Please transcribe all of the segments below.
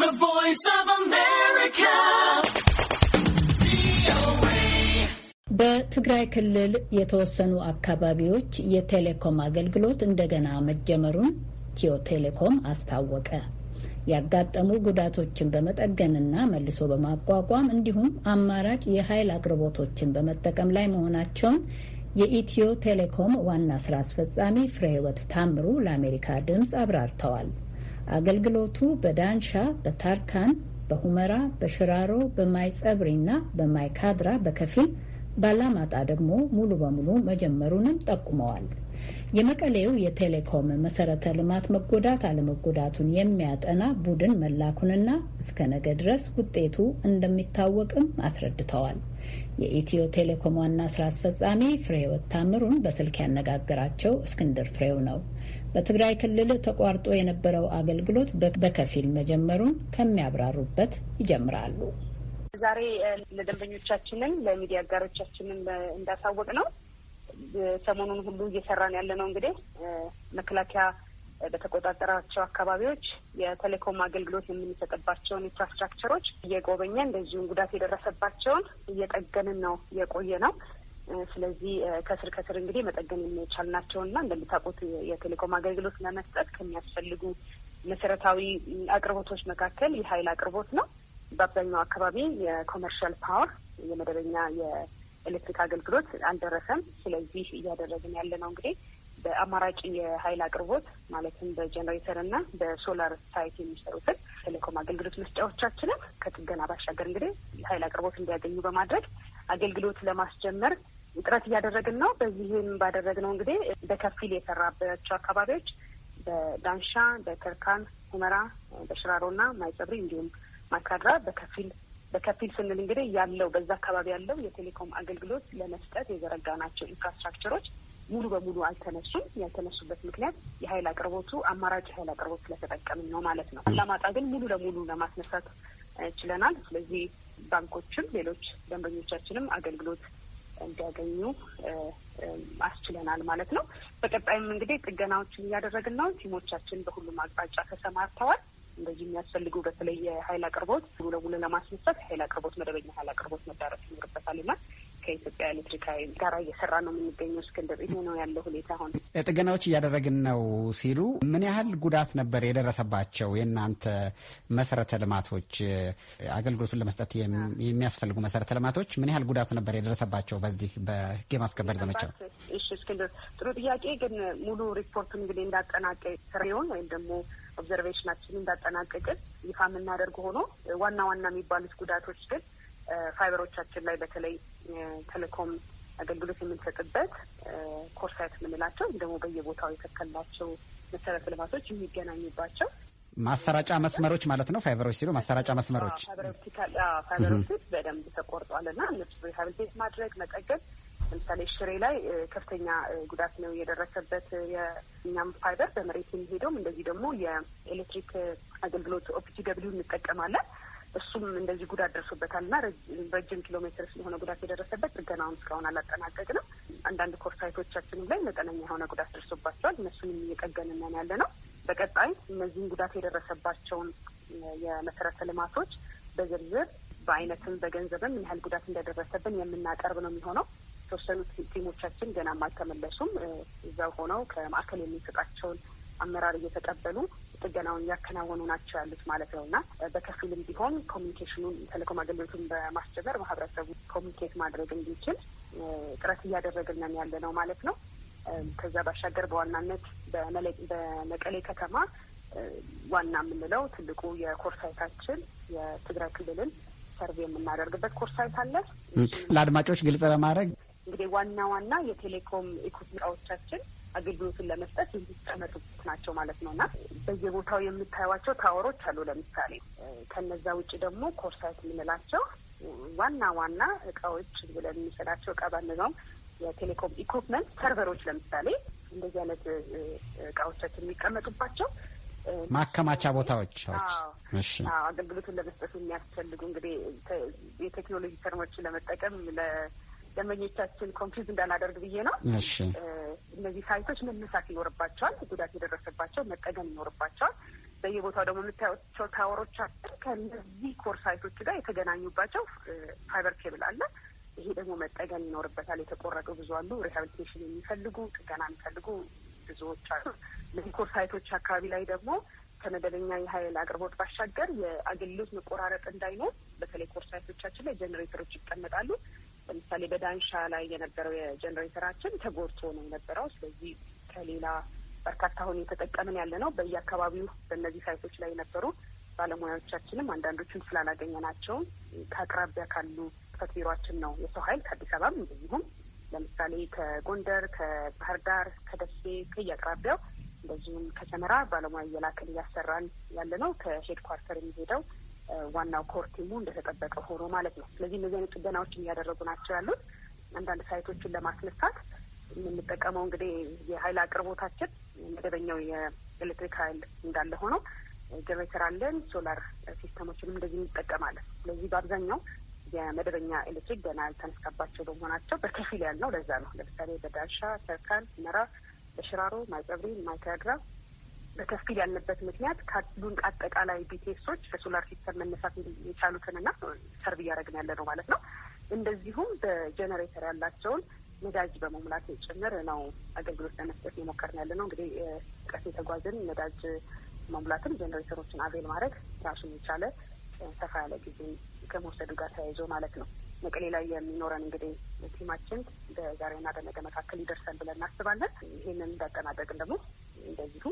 The Voice of America. በትግራይ ክልል የተወሰኑ አካባቢዎች የቴሌኮም አገልግሎት እንደገና መጀመሩን ኢትዮ ቴሌኮም አስታወቀ። ያጋጠሙ ጉዳቶችን በመጠገንና መልሶ በማቋቋም እንዲሁም አማራጭ የኃይል አቅርቦቶችን በመጠቀም ላይ መሆናቸውን የኢትዮ ቴሌኮም ዋና ስራ አስፈጻሚ ፍሬህይወት ታምሩ ለአሜሪካ ድምፅ አብራርተዋል። አገልግሎቱ በዳንሻ፣ በታርካን፣ በሁመራ፣ በሽራሮ፣ በማይ በማይካድራ በከፊል ባላማጣ ደግሞ ሙሉ በሙሉ መጀመሩንም ጠቁመዋል። የመቀሌው የቴሌኮም መሰረተ ልማት መጎዳት አለመጎዳቱን የሚያጠና ቡድን መላኩንና እስከ ነገ ድረስ ውጤቱ እንደሚታወቅም አስረድተዋል። የኢትዮ ቴሌኮም ዋና ስራ አስፈጻሚ ፍሬህይወት ታምሩን በስልክ ያነጋገራቸው እስክንድር ፍሬው ነው። በትግራይ ክልል ተቋርጦ የነበረው አገልግሎት በከፊል መጀመሩን ከሚያብራሩበት ይጀምራሉ። ዛሬ ለደንበኞቻችንን ለሚዲያ አጋሮቻችንን እንዳሳወቅ ነው ሰሞኑን ሁሉ እየሰራን ያለ ነው። እንግዲህ መከላከያ በተቆጣጠራቸው አካባቢዎች የቴሌኮም አገልግሎት የምንሰጥባቸውን ኢንፍራስትራክቸሮች እየጎበኘ እንደዚሁም ጉዳት የደረሰባቸውን እየጠገንን ነው የቆየ ነው። ስለዚህ ከስር ከስር እንግዲህ መጠገን የሚቻል ናቸው እና እንደምታውቁት የቴሌኮም አገልግሎት ለመስጠት ከሚያስፈልጉ መሰረታዊ አቅርቦቶች መካከል የሀይል አቅርቦት ነው። በአብዛኛው አካባቢ የኮመርሻል ፓወር የመደበኛ የኤሌክትሪክ አገልግሎት አልደረሰም። ስለዚህ እያደረግን ያለ ነው እንግዲህ በአማራጭ የሀይል አቅርቦት ማለትም በጀኔሬተር እና በሶላር ሳይት የሚሰሩትን ቴሌኮም አገልግሎት መስጫዎቻችንም ከጥገና ባሻገር እንግዲህ ሀይል አቅርቦት እንዲያገኙ በማድረግ አገልግሎት ለማስጀመር ጥረት እያደረግን ነው። በዚህም ባደረግነው እንግዲህ በከፊል የሰራባቸው አካባቢዎች በዳንሻ፣ በከርካን፣ ሁመራ፣ በሽራሮ በሽራሮና ማይጸብሪ እንዲሁም ማይካድራ በከፊል በከፊል ስንል እንግዲህ ያለው በዛ አካባቢ ያለው የቴሌኮም አገልግሎት ለመስጠት የዘረጋ ናቸው ኢንፍራስትራክቸሮች ሙሉ በሙሉ አልተነሱም። ያልተነሱበት ምክንያት የሀይል አቅርቦቱ አማራጭ የሀይል አቅርቦት ስለተጠቀምን ነው ማለት ነው። አላማጣ ግን ሙሉ ለሙሉ ለማስነሳት ችለናል። ስለዚህ ባንኮችም ሌሎች ደንበኞቻችንም አገልግሎት እንዲያገኙ አስችለናል ማለት ነው። በቀጣይም እንግዲህ ጥገናዎችን እያደረግን ነው። ቲሞቻችን በሁሉም አቅጣጫ ተሰማርተዋል። እንደዚህ የሚያስፈልጉ በተለይ የሀይል አቅርቦት ሙሉ ለሙሉ ለማስነሳት አቅርቦት መደበኛ ሀይል አቅርቦት መዳረስ ጋራ እየሰራ ነው የምንገኘው። እስክንድር፣ ይሄ ነው ያለው ሁኔታ። አሁን ጥገናዎች እያደረግን ነው ሲሉ ምን ያህል ጉዳት ነበር የደረሰባቸው የእናንተ መሰረተ ልማቶች፣ አገልግሎቱን ለመስጠት የሚያስፈልጉ መሰረተ ልማቶች ምን ያህል ጉዳት ነበር የደረሰባቸው በዚህ በህግ የማስከበር ዘመቻው? እሺ እስክንድር፣ ጥሩ ጥያቄ። ግን ሙሉ ሪፖርቱን እንግዲህ እንዳጠናቀ ስሬውን ወይም ደግሞ ኦብዘርቬሽናችን እንዳጠናቀቅን ይፋ የምናደርግ ሆኖ ዋና ዋና የሚባሉት ጉዳቶች ግን ፋይበሮቻችን ላይ በተለይ ቴሌኮም አገልግሎት የምንሰጥበት ኮርሳይት የምንላቸው ደግሞ በየቦታው የተከላቸው መሰረተ ልማቶች የሚገናኙባቸው ማሰራጫ መስመሮች ማለት ነው። ፋይበሮች ሲሉ ማሰራጫ መስመሮች ፋይበሮች በደንብ ተቆርጧል እና እነሱ ሪሃብሊቴት ማድረግ መጠገብ ለምሳሌ ሽሬ ላይ ከፍተኛ ጉዳት ነው የደረሰበት። የእኛም ፋይበር በመሬት የሚሄደውም እንደዚህ ደግሞ የኤሌክትሪክ አገልግሎት ኦፒጂ ደብሊው እንጠቀማለን። እሱም እንደዚህ ጉዳት ደርሶበታል እና ረጅም ኪሎ ሜትር ስለሆነ ጉዳት የደረሰበት ጥገናውን እስካሁን አላጠናቀቅንም። አንዳንድ ኮርሳይቶቻችንም ላይ መጠነኛ የሆነ ጉዳት ደርሶባቸዋል። እነሱንም እየጠገንነን ያለ ነው። በቀጣይ እነዚህን ጉዳት የደረሰባቸውን የመሰረተ ልማቶች በዝርዝር በአይነትም በገንዘብም ምን ያህል ጉዳት እንደደረሰብን የምናቀርብ ነው የሚሆነው። የተወሰኑት ቲሞቻችን ገናም አልተመለሱም። እዛው ሆነው ከማዕከል የሚሰጣቸውን አመራር እየተቀበሉ ጥገናውን እያከናወኑ ናቸው ያሉት ማለት ነው እና በከፊልም ቢሆን ኮሚኒኬሽኑን ቴሌኮም አገልግሎቱን በማስጀመር ማህበረሰቡ ኮሚኒኬት ማድረግ እንዲችል ጥረት እያደረግን ያለ ነው ማለት ነው። ከዛ ባሻገር በዋናነት በመቀሌ ከተማ ዋና የምንለው ትልቁ የኮርሳይታችን የትግራይ ክልልን ሰርቬ የምናደርግበት ኮርሳይት አለ። ለአድማጮች ግልጽ ለማድረግ እንግዲህ ዋና ዋና የቴሌኮም ኢኩፕመንቶቻችን አገልግሎቱን ለመስጠት የሚቀመጡበት ናቸው ማለት ነው እና በየቦታው የምታዩቸው ታወሮች አሉ። ለምሳሌ ከነዛ ውጭ ደግሞ ኮርሳይት የምንላቸው ዋና ዋና እቃዎች ብለን የምንሰላቸው እቃ ባንለውም የቴሌኮም ኢኩፕመንት ሰርቨሮች፣ ለምሳሌ እንደዚህ አይነት እቃዎቻችን የሚቀመጡባቸው ማከማቻ ቦታዎች አገልግሎቱን ለመስጠት የሚያስፈልጉ እንግዲህ የቴክኖሎጂ ተርሞችን ለመጠቀም ደንበኞቻችን ኮንፊዝ እንዳናደርግ ብዬ ነው። እነዚህ ሳይቶች መነሳት ይኖርባቸዋል። ጉዳት የደረሰባቸው መጠገን ይኖርባቸዋል። በየቦታው ደግሞ የምታያቸው ታወሮቻችን ከነዚህ ኮር ሳይቶች ጋር የተገናኙባቸው ፋይበር ኬብል አለ። ይሄ ደግሞ መጠገን ይኖርበታል። የተቆረጡ ብዙ አሉ። ሪሃብሊቴሽን የሚፈልጉ ጥገና የሚፈልጉ ብዙዎች አሉ። እነዚህ ኮር ሳይቶች አካባቢ ላይ ደግሞ ከመደበኛ የሀይል አቅርቦት ባሻገር የአገልግሎት መቆራረጥ እንዳይኖር በተለይ ኮር ሳይቶቻችን ላይ ጀኔሬተሮች ይቀመጣሉ። ለምሳሌ በዳንሻ ላይ የነበረው የጀኔሬተራችን ተጎድቶ ነው የነበረው። ስለዚህ ከሌላ በርካታ አሁን የተጠቀምን ያለ ነው። በየአካባቢው በእነዚህ ሳይቶች ላይ የነበሩ ባለሙያዎቻችንም አንዳንዶቹን ናቸው ከአቅራቢያ ካሉ ጽሕፈት ቢሯችን ነው የሰው ኃይል ከአዲስ አበባም እንደዚሁም ለምሳሌ ከጎንደር፣ ከባህር ዳር፣ ከደሴ ከየአቅራቢያው እንደዚሁም ከሰመራ ባለሙያ እየላክን እያሰራን ያለ ነው። ከሄድኳርተር የሚሄደው ዋናው ኮር ቲሙ እንደተጠበቀ ሆኖ ማለት ነው። ስለዚህ እነዚህ አይነት ጥገናዎችን እያደረጉ ናቸው ያሉት። አንዳንድ ሳይቶችን ለማስነሳት የምንጠቀመው እንግዲህ የሀይል አቅርቦታችን መደበኛው የኤሌክትሪክ ሀይል እንዳለ ሆኖ ጀነሬተር አለን፣ ሶላር ሲስተሞችንም እንደዚህ እንጠቀማለን። ስለዚህ በአብዛኛው የመደበኛ ኤሌክትሪክ ገና ያልተነሳባቸው በመሆናቸው በከፊል ያልነው ለዛ ነው። ለምሳሌ በዳሻ፣ ተርካን፣ መራ፣ በሽራሮ፣ ማይጸብሪ፣ ማይካድራ በከፊል ያለበት ምክንያት ካሉን አጠቃላይ ቢቴሶች በሶላር ሲስተም መነሳት የቻሉትንና ሰርቭ እያደረግን ያለ ነው ማለት ነው። እንደዚሁም በጀኔሬተር ያላቸውን ነዳጅ በመሙላት ጭምር ነው አገልግሎት ለመስጠት የሞከርን ያለ ነው። እንግዲህ ቀስ የተጓዝን ነዳጅ መሙላትም ጀኔሬተሮችን አቬል ማድረግ ራሱን የቻለ ሰፋ ያለ ጊዜ ከመውሰዱ ጋር ተያይዞ ማለት ነው። መቀሌ ላይ የሚኖረን እንግዲህ ቲማችን በዛሬና በነገ መካከል ይደርሳል ብለን እናስባለን። ይህንን እንዳጠናቀቅን ደግሞ እንደዚሁ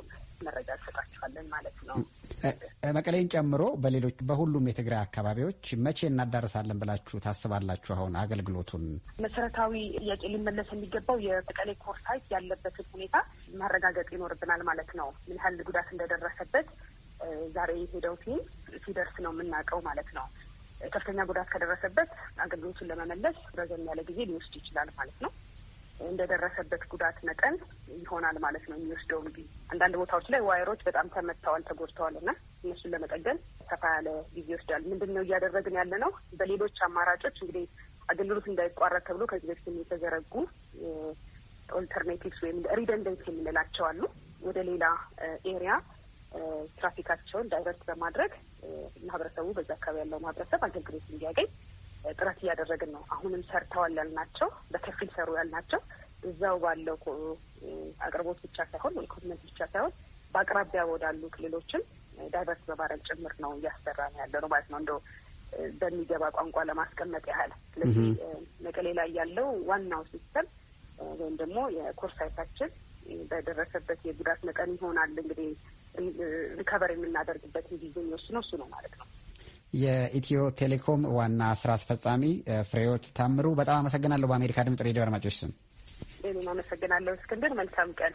መረጃ እንሰጣችኋለን ማለት ነው። መቀሌን ጨምሮ በሌሎች በሁሉም የትግራይ አካባቢዎች መቼ እናዳረሳለን ብላችሁ ታስባላችሁ? አሁን አገልግሎቱን መሰረታዊ ጥያቄ ሊመለስ የሚገባው የመቀሌ ኮርሳይት ያለበትን ሁኔታ ማረጋገጥ ይኖርብናል ማለት ነው። ምን ያህል ጉዳት እንደደረሰበት ዛሬ የሄደው ቲም ሲደርስ ነው የምናውቀው ማለት ነው። ከፍተኛ ጉዳት ከደረሰበት አገልግሎቱን ለመመለስ ረዘም ያለ ጊዜ ሊወስድ ይችላል ማለት ነው። እንደደረሰበት ጉዳት መጠን ይሆናል ማለት ነው የሚወስደው ጊዜ። አንዳንድ ቦታዎች ላይ ዋይሮች በጣም ተመተዋል ተጎድተዋል እና እነሱን ለመጠገን ሰፋ ያለ ጊዜ ይወስዳል። ምንድን ነው እያደረግን ያለ ነው? በሌሎች አማራጮች እንግዲህ አገልግሎት እንዳይቋረጥ ተብሎ ከዚህ በፊት የተዘረጉ ኦልተርኔቲቭስ ወይም ሪደንደንት የምንላቸው አሉ። ወደ ሌላ ኤሪያ ትራፊካቸውን ዳይቨርት በማድረግ uh, ማህበረሰቡ በዛ አካባቢ ያለው ማህበረሰብ አገልግሎት እንዲያገኝ ጥረት እያደረግን ነው። አሁንም ሰርተዋል ያልናቸው በከፊል ሰሩ ያልናቸው እዛው ባለው አቅርቦት ብቻ ሳይሆን ወይ ኮሚትመንት ብቻ ሳይሆን በአቅራቢያ ወዳሉ ክልሎችም ዳይቨርስ በማድረግ ጭምር ነው እያሰራ ነው ያለ ነው ማለት ነው እንደ በሚገባ ቋንቋ ለማስቀመጥ ያህል። ስለዚህ መቀሌ ላይ ያለው ዋናው ሲስተም ወይም ደግሞ የኮር ሳይታችን በደረሰበት የጉዳት መጠን ይሆናል እንግዲህ ሪከቨር የምናደርግበት ጊዜ የሚወስነው እሱ ነው ማለት ነው። የኢትዮ ቴሌኮም ዋና ስራ አስፈጻሚ ፍሬዎት ታምሩ፣ በጣም አመሰግናለሁ። በአሜሪካ ድምጽ ሬዲዮ አድማጮች ስም እኔም አመሰግናለሁ እስክንድር። መልካም ቀን።